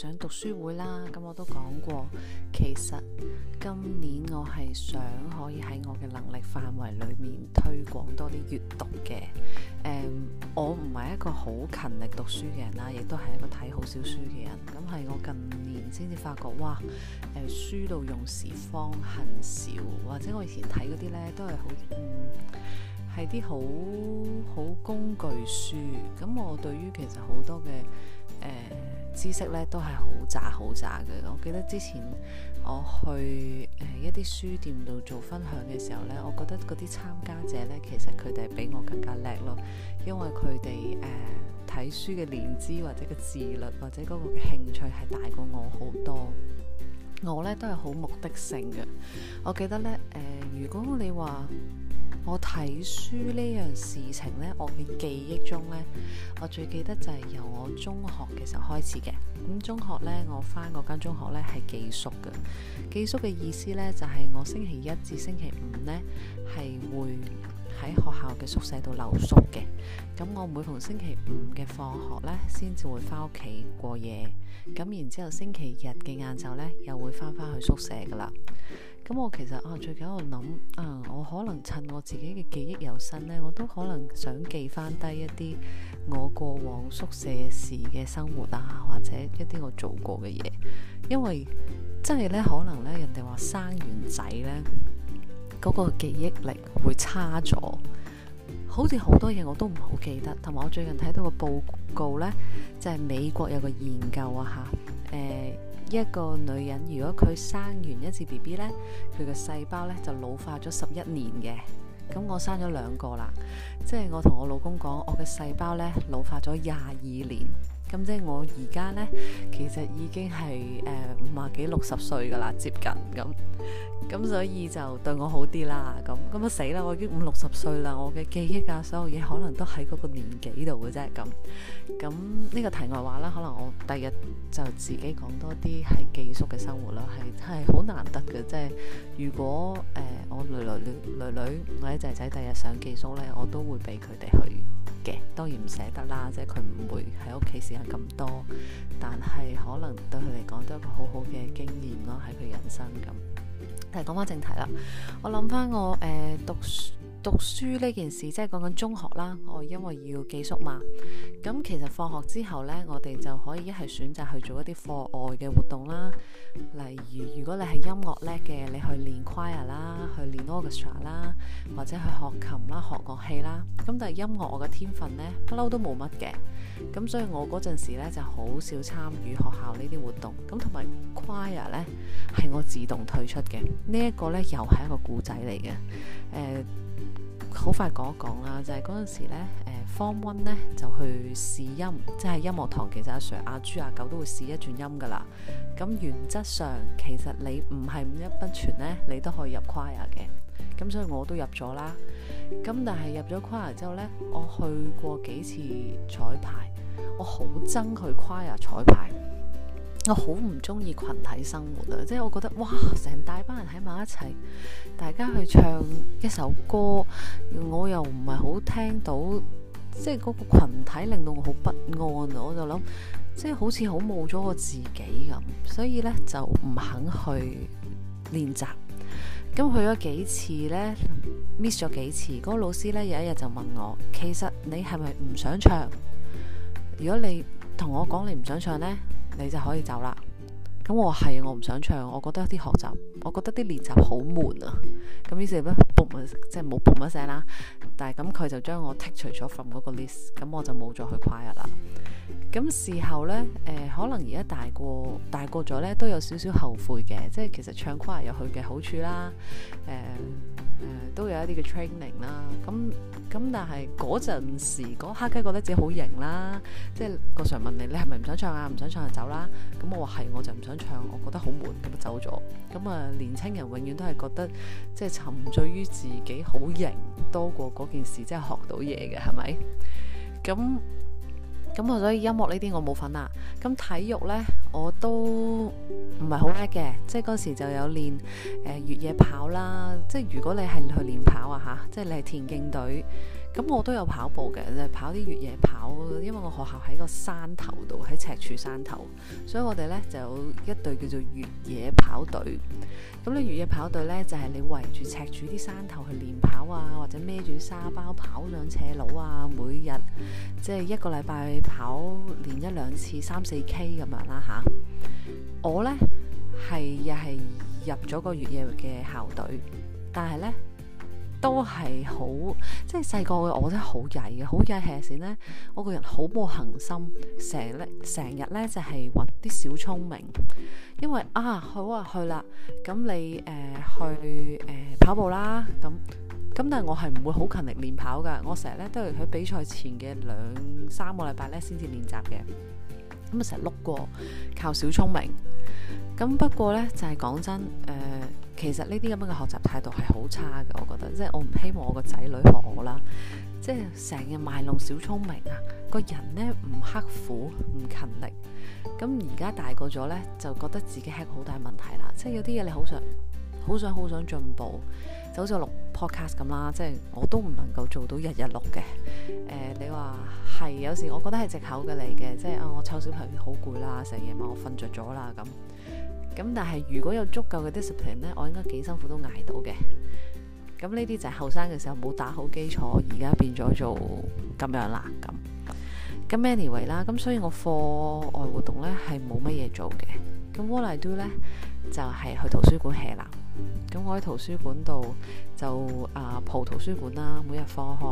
想讀書會啦，咁我都講過。其實今年我係想可以喺我嘅能力範圍裡面推廣多啲閱讀嘅。誒、嗯，我唔係一個好勤力讀書嘅人啦，亦都係一個睇好少書嘅人。咁係我近年先至發覺，哇！誒，書到用時方恨少，或者我以前睇嗰啲呢都係好，嗯，係啲好好工具書。咁我對於其實好多嘅。誒、呃，知識咧都係好渣好渣嘅。我記得之前我去誒、呃、一啲書店度做分享嘅時候咧，我覺得嗰啲參加者咧，其實佢哋比我更加叻咯，因為佢哋誒睇書嘅年資或者嘅自律或者嗰個興趣係大過我好多。我咧都係好目的性嘅。我記得咧誒、呃，如果你話。我睇書呢樣事情呢，我嘅記憶中呢，我最記得就係由我中學嘅時候開始嘅。咁中學呢，我翻嗰間中學呢係寄宿嘅。寄宿嘅意思呢，就係、是、我星期一至星期五呢係會喺學校嘅宿舍度留宿嘅。咁我每逢星期五嘅放學呢，先至會翻屋企過夜。咁然之後星期日嘅晏晝呢，又會翻返去宿舍噶啦。咁我其實啊，最近喺度諗啊，我可能趁我自己嘅記憶猶新呢，我都可能想記返低一啲我過往宿舍時嘅生活啊，或者一啲我做過嘅嘢，因為真係呢，可能呢，人哋話生完仔呢，嗰個記憶力會差咗，好似好多嘢我都唔好記得，同埋我最近睇到個報告呢，就係美國有個研究啊嚇，誒。一個女人如果佢生完一次 BB 咧，佢個細胞咧就老化咗十一年嘅。咁我生咗兩個啦，即係我同我老公講，我嘅細胞咧老化咗廿二年。咁即係我而家呢，其實已經係誒、呃、五啊幾六十歲噶啦，接近咁。咁所以就對我好啲啦。咁咁啊死啦！我已經五六十歲啦，我嘅記憶啊，所有嘢可能都喺嗰個年紀度嘅啫。咁咁呢個題外話啦，可能我第日就自己講多啲係寄宿嘅生活啦，係係好難得嘅。即係如果誒、呃、我女女女女女仔仔第日上寄宿呢，我都會俾佢哋去。當然唔捨得啦，即係佢唔會喺屋企時間咁多，但係可能對佢嚟講都係一個好好嘅經驗咯，喺佢人生咁。但係講翻正題啦，我諗翻我誒讀書。讀書呢件事即係講緊中學啦。我因為要寄宿嘛，咁其實放學之後呢，我哋就可以一係選擇去做一啲課外嘅活動啦。例如，如果你係音樂叻嘅，你去練 choir 啦，去練 orchestra 啦，或者去學琴啦、學樂器啦。咁但係音樂我嘅天分呢，不嬲都冇乜嘅。咁所以我，我嗰陣時咧就好少參與學校呢啲活動。咁同埋 choir 呢，咧係我自動退出嘅。呢、這、一個呢，又係一個故仔嚟嘅，誒、呃。好快講一講啦，就係嗰陣時咧，誒 Form One 咧就去試音，即係音樂堂。其實阿、啊、Sir 啊、阿朱、阿九都會試一轉音噶啦。咁原則上，其實你唔係五音不全咧，你都可以入 choir 嘅。咁所以我都入咗啦。咁但係入咗 choir 之後咧，我去過幾次彩排，我好憎去 choir 彩排。我好唔中意群體生活啊！即係我覺得哇，成大班人喺埋一齊，大家去唱一首歌，我又唔係好聽到，即係嗰個羣體令到我好不安啊！我就諗，即係好似好冇咗我自己咁，所以呢就唔肯去練習。咁去咗幾次呢，Miss 咗幾次。嗰個老師呢，有一日就問我：「其實你係咪唔想唱？如果你同我講你唔想唱呢？」你就可以走啦。咁我係我唔想唱，我覺得啲學習，我覺得啲練習好悶啊。咁於、就是咧，播唔即係冇播一聲啦。但係咁佢就將我剔除咗 from 嗰個 list，咁我就冇再去跨日啦。咁事後呢，誒、呃、可能而家大過大過咗呢，都有少少後悔嘅，即係其實唱跨日有佢嘅好處啦，誒、呃。誒、呃、都有一啲嘅 training 啦，咁咁但係嗰陣時嗰刻佢覺得自己好型啦，即係個常問你，你係咪唔想唱啊？唔想唱就走啦。咁我話係，我就唔想唱，我覺得好悶，咁就走咗。咁啊、呃，年輕人永遠都係覺得即係沉醉於自己好型多過嗰件事，即係學到嘢嘅係咪？咁。咁所以音樂呢啲我冇份啦。咁體育呢，我都唔係好叻嘅，即係嗰時就有練誒、呃、越野跑啦。即係如果你係去練跑啊吓，即係你係田徑隊，咁我都有跑步嘅，就係、跑啲越野跑。因為我學校喺個山頭度，喺赤柱山頭，所以我哋呢就有一隊叫做越野跑隊。咁你越野跑隊呢，就係、係、你圍住赤柱啲山頭去練跑啊，或者孭住沙包跑上斜路啊，每日。即係一個禮拜跑練一兩次三四 K 咁樣啦吓、啊，我呢係又係入咗個越野嘅校隊，但係呢都係好即係細個我真係好曳嘅，好曳係先呢，我個人好冇恆心，成日成日呢就係搵啲小聰明，因為啊好啊去啦，咁你誒、呃、去誒、呃、跑步啦咁。咁但係我係唔會好勤力練跑噶，我成日咧都係喺比賽前嘅兩三個禮拜咧先至練習嘅，咁啊成日碌過，靠小聰明。咁不過咧就係、是、講真，誒、呃、其實呢啲咁樣嘅學習態度係好差嘅，我覺得即係、就是、我唔希望我個仔女學我啦，即係成日賣弄小聰明啊，個人咧唔刻苦唔勤力，咁而家大個咗咧就覺得自己係好大問題啦，即、就、係、是、有啲嘢你好想好想好想進步。好似我錄 podcast 咁啦，即係我都唔能夠做到日日錄嘅。誒、呃，你話係有時我覺得係藉口嘅嚟嘅，即係啊，我湊小朋友好攰啦，成日夜晚我瞓着咗啦咁。咁但係如果有足夠嘅 discipline 咧，我應該幾辛苦都捱到嘅。咁呢啲就係後生嘅時候冇打好基礎，而家變咗做咁樣啦咁。咁 anyway 啦，咁所以我課外活動咧係冇乜嘢做嘅。咁 what I do 咧就係、是、去圖書館啦。咁我喺圖書館度就啊蒲圖書館啦，每日放學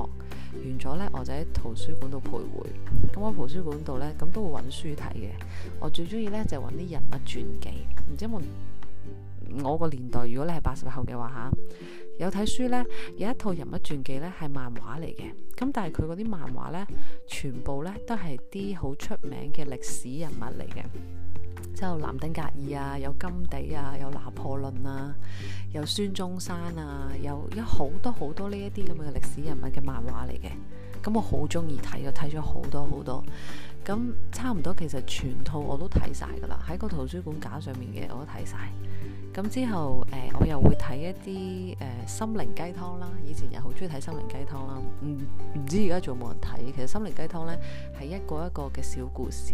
完咗呢，我就喺圖書館度徘徊。咁我喺圖書館度呢，咁都會揾書睇嘅。我最中意呢，就揾啲人物傳記，唔知有冇，我個年代，如果你係八十後嘅話吓，有睇書呢，有一套人物傳記呢，係漫畫嚟嘅。咁但係佢嗰啲漫畫呢，全部呢，都係啲好出名嘅歷史人物嚟嘅。之後南丁格爾啊，有甘地啊，有拿破崙啊，有孫中山啊，有一好多好多呢一啲咁嘅歷史人物嘅漫畫嚟嘅，咁我好中意睇，我睇咗好多好多，咁差唔多其實全套我都睇晒噶啦，喺個圖書館架上面嘅我都睇晒。咁之後，誒、呃、我又會睇一啲誒、呃、心靈雞湯啦。以前又好中意睇心靈雞湯啦，唔、嗯、唔知而家仲冇人睇。其實心靈雞湯咧係一個一個嘅小故事，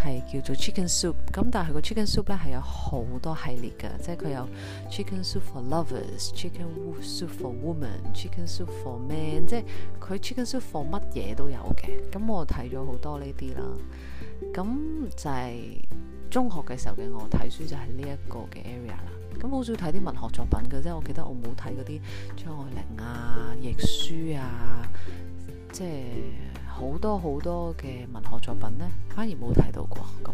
係叫做 Chicken Soup。咁但係佢個 Chicken Soup 咧係有好多系列嘅，即係佢有 Chicken Soup for Lovers、Chicken Soup for Woman、Chicken Soup for Man，即係佢 Chicken Soup for 乜嘢都有嘅。咁我睇咗好多呢啲啦，咁就係、是。中學嘅時候嘅我睇書就係呢一個嘅 area 啦，咁好少睇啲文學作品嘅啫。我記得我冇睇嗰啲張愛玲啊、亦舒啊，即係好多好多嘅文學作品咧，反而冇睇到過。咁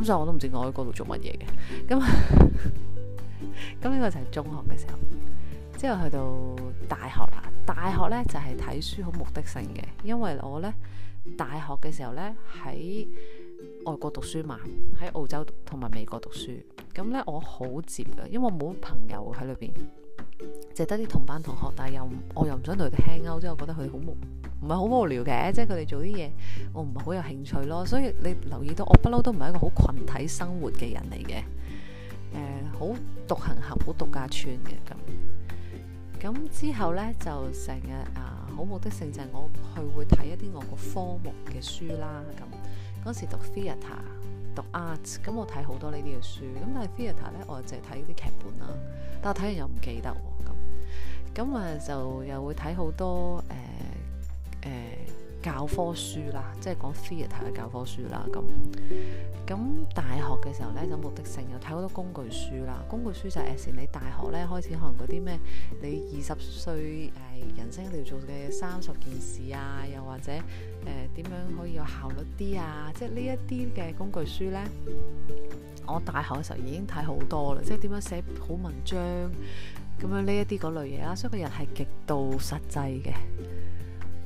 咁所以我都唔知我喺嗰度做乜嘢嘅。咁咁呢個就係中學嘅時候，之後去到大學啦。大學咧就係、是、睇書好目的性嘅，因為我咧大學嘅時候咧喺外國讀書嘛，喺澳洲同埋美國讀書，咁呢，我好接嘅，因為我冇朋友喺裏邊，淨得啲同班同學，但係又我又唔想同佢哋 hang out，即係我覺得佢哋好無，唔係好無聊嘅，即係佢哋做啲嘢我唔係好有興趣咯，所以你留意到我不嬲都唔係一個好群體生活嘅人嚟嘅，誒好獨行俠好獨家村嘅咁，咁之後呢，就成日啊好目的性就係我去會睇一啲我個科目嘅書啦咁。嗰時讀 theatre，讀 arts，咁我睇好多呢啲嘅書，咁但係 theatre 咧，我就淨係睇啲劇本啦。但係睇完又唔記得喎，咁咁啊就又會睇好多誒，呃教科書啦，即係講 theatre 嘅教科書啦，咁咁大學嘅時候呢，就目的性又睇好多工具書啦。工具書就係、是、誒，你大學呢，開始可能嗰啲咩，你二十歲誒人生要做嘅三十件事啊，又或者誒點、呃、樣可以有效率啲啊，即係呢一啲嘅工具書呢，我大學嘅時候已經睇好多啦，即係點樣寫好文章，咁樣呢一啲嗰類嘢啦，啊，所以個人係極度實際嘅。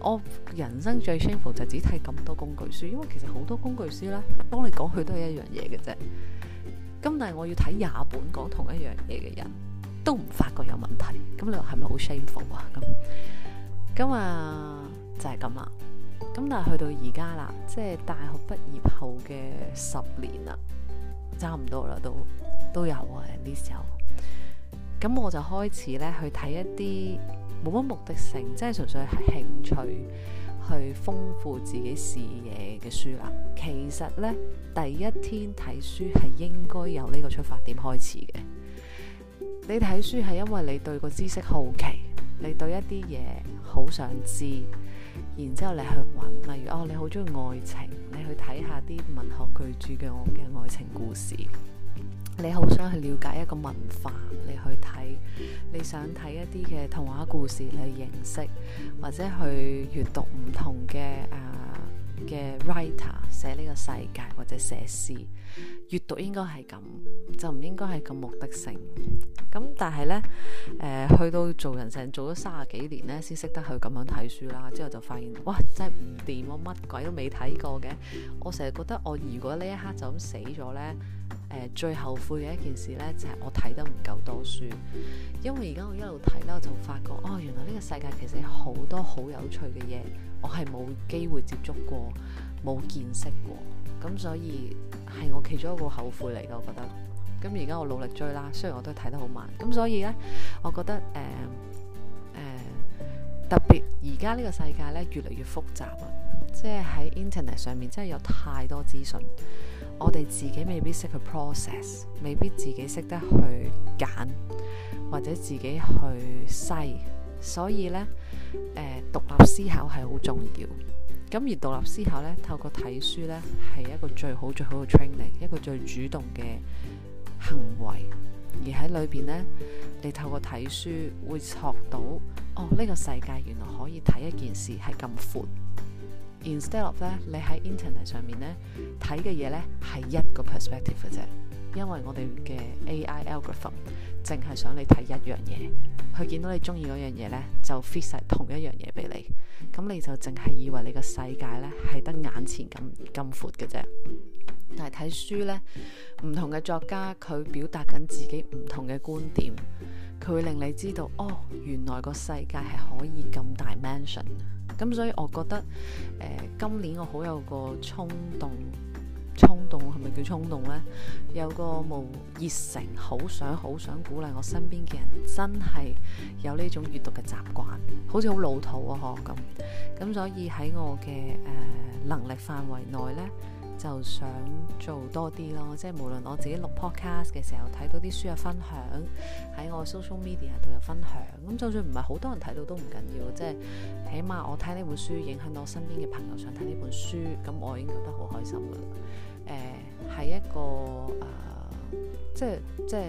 我人生最 shameful 就只睇咁多工具書，因為其實好多工具書呢，當你講佢都係一樣嘢嘅啫。咁但係我要睇廿本講同一樣嘢嘅人，都唔發覺有問題。咁你話係咪好 shameful 啊？咁咁啊，就係咁啦。咁但係去到而家啦，即係大學畢業後嘅十年啦，差唔多啦，都都有啊。呢時候。咁我就開始呢去睇一啲。冇乜目的性，即係純粹係興趣去豐富自己視野嘅書啦。其實呢，第一天睇書係應該由呢個出發點開始嘅。你睇書係因為你對個知識好奇，你對一啲嘢好想知，然之後你去揾。例如哦，你好中意愛情，你去睇下啲文學巨著嘅我嘅愛情故事。你好想去了解一個文化，你去睇，你想睇一啲嘅童話故事，你去認識，或者去閱讀唔同嘅啊。嘅 writer 寫呢個世界或者寫詩，閱讀應該係咁，就唔應該係咁目的性。咁但係呢，誒、呃、去到做人成做咗三十幾年呢，先識得去咁樣睇書啦。之後就發現，哇，真係唔掂喎，乜鬼都未睇過嘅。我成日覺得，我如果呢一刻就咁死咗呢、呃，最後悔嘅一件事呢，就係、是、我睇得唔夠多書。因為而家我一路睇呢，我就發覺，哦，原來呢個世界其實好多好有趣嘅嘢。我係冇機會接觸過，冇見識過，咁所以係我其中一個後悔嚟嘅，我覺得。咁而家我努力追啦，雖然我都睇得好慢。咁所以呢，我覺得誒、呃呃、特別而家呢個世界呢，越嚟越複雜啊，即係喺 internet 上面真係有太多資訊，我哋自己未必識去 process，未必自己識得去揀或者自己去篩。所以咧，誒、呃，獨立思考係好重要。咁而獨立思考咧，透過睇書咧，係一個最好最好嘅 training，一個最主動嘅行為。而喺裏邊咧，你透過睇書會學到，哦，呢、這個世界原來可以睇一件事係咁闊。Instead of 咧，你喺 internet 上面咧睇嘅嘢咧係一個 perspective 嘅啫。因為我哋嘅 AI algorithm 淨係想你睇一樣嘢，佢見到你中意嗰樣嘢呢，就 fit 晒同一樣嘢俾你，咁你就淨係以為你個世界呢係得眼前咁咁闊嘅啫。但係睇書呢，唔同嘅作家佢表達緊自己唔同嘅觀點，佢會令你知道哦，原來個世界係可以咁大 mention。咁所以我覺得，呃，今年我好有個衝動。衝動係咪叫衝動呢？有個無熱誠，好想好想鼓勵我身邊嘅人，真係有呢種閲讀嘅習慣，好似好老土啊、哦！呵，咁咁所以喺我嘅誒、呃、能力範圍內呢，就想做多啲咯。即係無論我自己錄 podcast 嘅時候睇到啲書有分享，喺我 social media 度有分享，咁就算唔係好多人睇到都唔緊要，要，即係起碼我睇呢本書影響到我身邊嘅朋友想睇呢本書，咁我已經覺得好開心噶啦～誒係、呃、一個誒、呃，即係即係、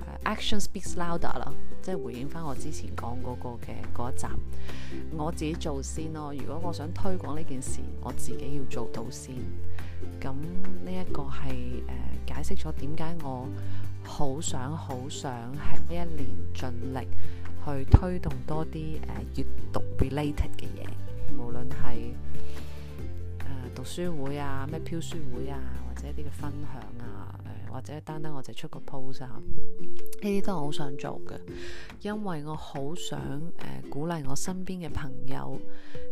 呃、action speaks louder 啦，即係回應翻我之前講嗰個嘅嗰一集，我自己做先咯。如果我想推廣呢件事，我自己要做到先。咁呢一個係誒、呃、解釋咗點解我好想好想喺呢一年盡力去推動多啲誒閱讀 related 嘅嘢，無論係，讀書會啊，咩飄書會啊，或者一啲嘅分享啊，誒、呃，或者單單我就出個 post 啊，呢啲都係好想做嘅，因為我好想誒、呃、鼓勵我身邊嘅朋友，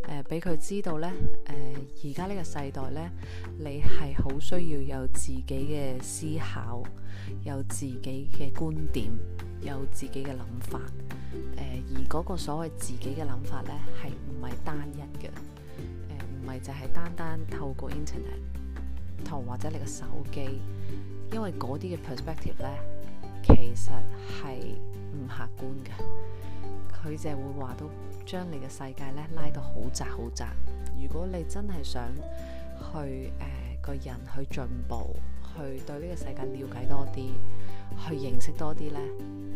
誒俾佢知道咧，誒而家呢個世代咧，你係好需要有自己嘅思考，有自己嘅觀點，有自己嘅諗法，誒、呃、而嗰個所謂自己嘅諗法咧係唔係單一嘅。就係單單透過 internet 同或者你個手機，因為嗰啲嘅 perspective 咧，其實係唔客觀嘅，佢就係會話到將你嘅世界咧拉到好窄好窄。如果你真係想去誒、呃、個人去進步，去對呢個世界了解多啲。去認識多啲呢，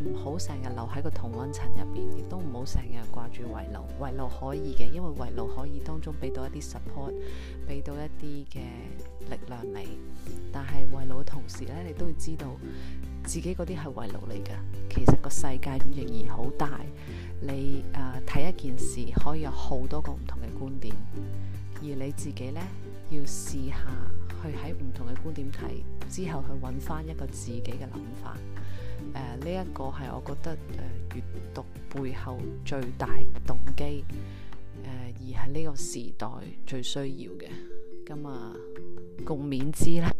唔好成日留喺個同溫層入邊，亦都唔好成日掛住圍爐。圍爐可以嘅，因為圍爐可以當中俾到一啲 support，俾到一啲嘅力量你。但係圍爐嘅同時呢，你都要知道自己嗰啲係圍爐嚟㗎。其實個世界仍然好大，你誒睇一件事可以有好多個唔同嘅觀點，而你自己呢，要試下去喺唔同嘅觀點睇。之後去揾翻一個自己嘅諗法，誒呢一個係我覺得誒、呃、閱讀背後最大動機，誒、呃、而係呢個時代最需要嘅，咁啊共勉之啦。